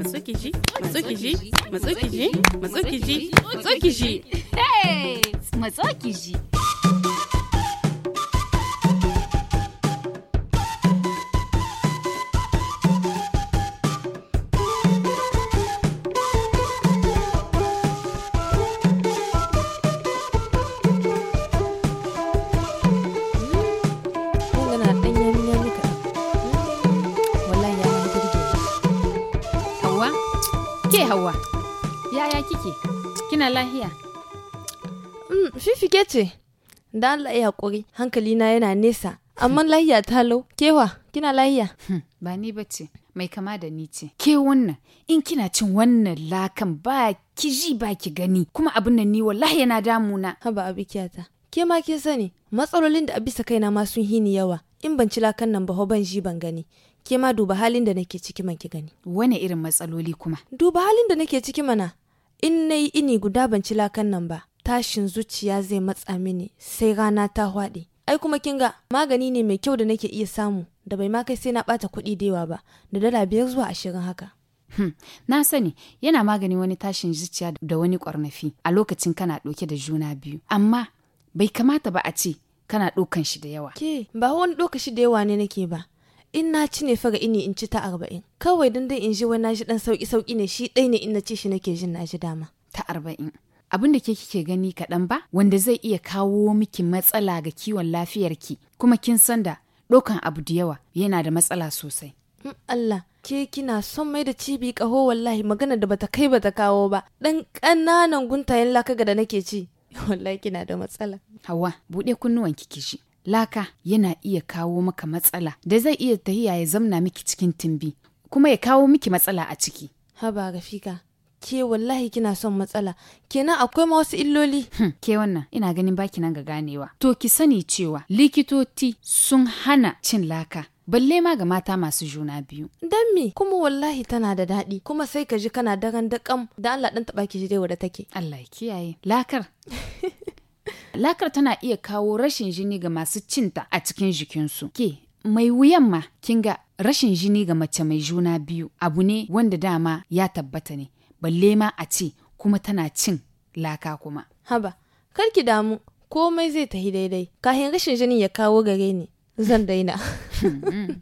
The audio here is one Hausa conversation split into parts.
Masukiji, Masukiji, Masukiji, Masukiji, Masukiji. Hey! Masukiji. Hauwa. Yaya kike? Kina lahiya? Mm, fifike ce. Da Allah ya hankali hankalina yana nesa. Amma lahiya ta lau, kewa, kina lahiya? Hmm, ba ni ba mai kama da ni ce. Ke wannan, in kina cin wannan lakan ba ki ji ba ki gani, kuma abin nan ni wallahi yana damuna. Haba abikiyata. Ke ma ke sani, matsalolin da abisa kaina ma sun hini yawa. In ban ci lakan nan ba ho ban ji ban gani. ke ma duba halin da nake ciki man ki gani wane irin matsaloli kuma duba halin da nake ciki mana in na yi ini guda ban ci lakan nan ba tashin zuciya zai matsa mini sai rana ta hwaɗe ai kuma kin ga magani ne mai kyau da nake iya samu da bai ma kai sai na bata kuɗi da yawa ba da dala biyar zuwa ashirin haka Hmm. Na sani yana magani wani tashin zuciya da wani ƙwarnafi a lokacin kana ɗauke da juna biyu, amma bai kamata ba a ce kana ɗaukan shi da yawa. Ke, ba wani ɗauka shi da yawa ne nake ba, in na ci ne faga ini in ci ta arba'in kawai don dai in ji wani na ji dan sauki sauki ne shi ɗai ne in na ci shi nake jin na dama ta arba'in abin da ke kike gani kaɗan ba wanda zai iya kawo miki matsala ga kiwon lafiyar ki kuma kin san da ɗaukan abu da yawa yana da matsala sosai hmm, Allah ke kina son mai da cibi kaho wallahi magana da bata kai bata kawo ba dan kananan guntayen lakaga da nake ci wallahi kina da matsala hawa buɗe kunnuwan kiki shi laka yana iya kawo maka matsala da zai iya tahiya ya zamna miki cikin timbi kuma ya kawo miki matsala a ciki. Haba Rafika, ke wallahi kina son matsala, kenan akwai ma wasu illoli. Hmm, ke wannan ina ganin baki nan ga ganewa. To ki sani cewa likitoci sun hana cin laka. balle ma ga mata masu juna biyu. Dan me kuma wallahi tana da daɗi kuma sai ka ji kana daren kam da Allah ɗan taɓa ki shi dai wadda take. Allah ya kiyaye. Lakar. Lakar tana iya kawo rashin jini ga masu cinta a cikin jikinsu. Ke, mai wuyan ma, kin rashin jini ga mace mai juna biyu abu ne wanda dama ya tabbata ne, balle ma a ce kuma tana cin laka kuma. Haba, karki damu, komai zai tafi daidai, kahin rashin jini ya kawo gare ni, zan daina. Hmm, hmm.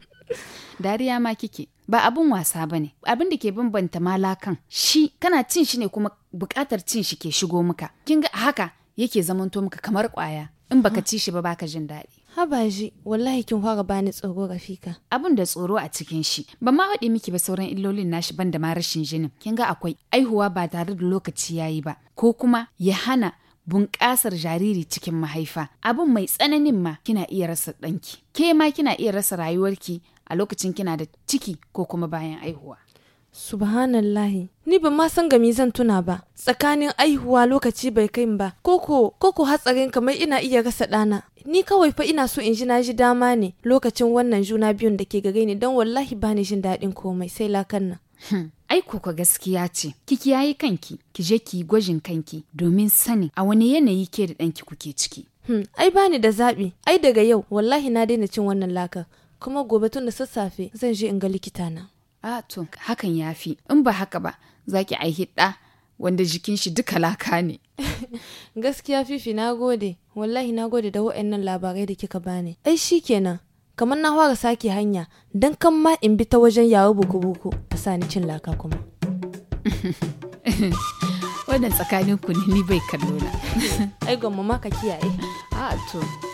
Dariya ma kike, ba abin wasa ba ne abin da ke bambanta malakan shi kana cin shi ne kuma bukatar cin shi ke shigo muka. kin ga haka yake zamanto maka kamar kwaya in baka ci shi ba baka jin daɗi. Habaji, wallahi kin fara bani tsoro Rafika. Abin da tsoro a cikin shi, ba ma faɗi miki ba sauran illolin nashi ban da ma rashin jinin. Kin ga akwai aihuwa ba tare da lokaci yayi ba, ko kuma ya hana bunƙasar jariri cikin mahaifa. Abin mai tsananin ma kina iya rasa ɗanki. Ke ma kina iya rasa rayuwarki a lokacin kina da ciki ko kuma bayan aihuwa. Subhanallahi, ni ba ma san gami zan tuna ba, tsakanin aihuwa lokaci bai kai ba, koko koko hatsarin kamar ina iya rasa ɗana. Ni kawai fa ina so in ji na ji dama ne lokacin wannan juna biyun da ke gare ni don wallahi ba ni jin daɗin komai sai lakan nan. Hmm, ai gaskiya ce, kiki yayi kanki, ki je ki gwajin kanki domin sani a wani yanayi ke da danki kuke ciki. Hmm, ai bani da zaɓi, ai daga yau wallahi na daina cin wannan lakar, kuma gobe tun da sassafe zan je in ga likitana. a to hakan ya fi in ba haka ba za ki aihi ɗa wanda jikin shi duka laka ne gaskiya fifi na gode wallahi na gode da wa'annan labarai da kika bani ai shi kenan kamar na fara sake hanya don kan ma in bi ta wajen yawo buku-buku a ni cin laka kuma wannan tsakanin ku ne ni bai kallo na ai gwamma ka kiyaye a to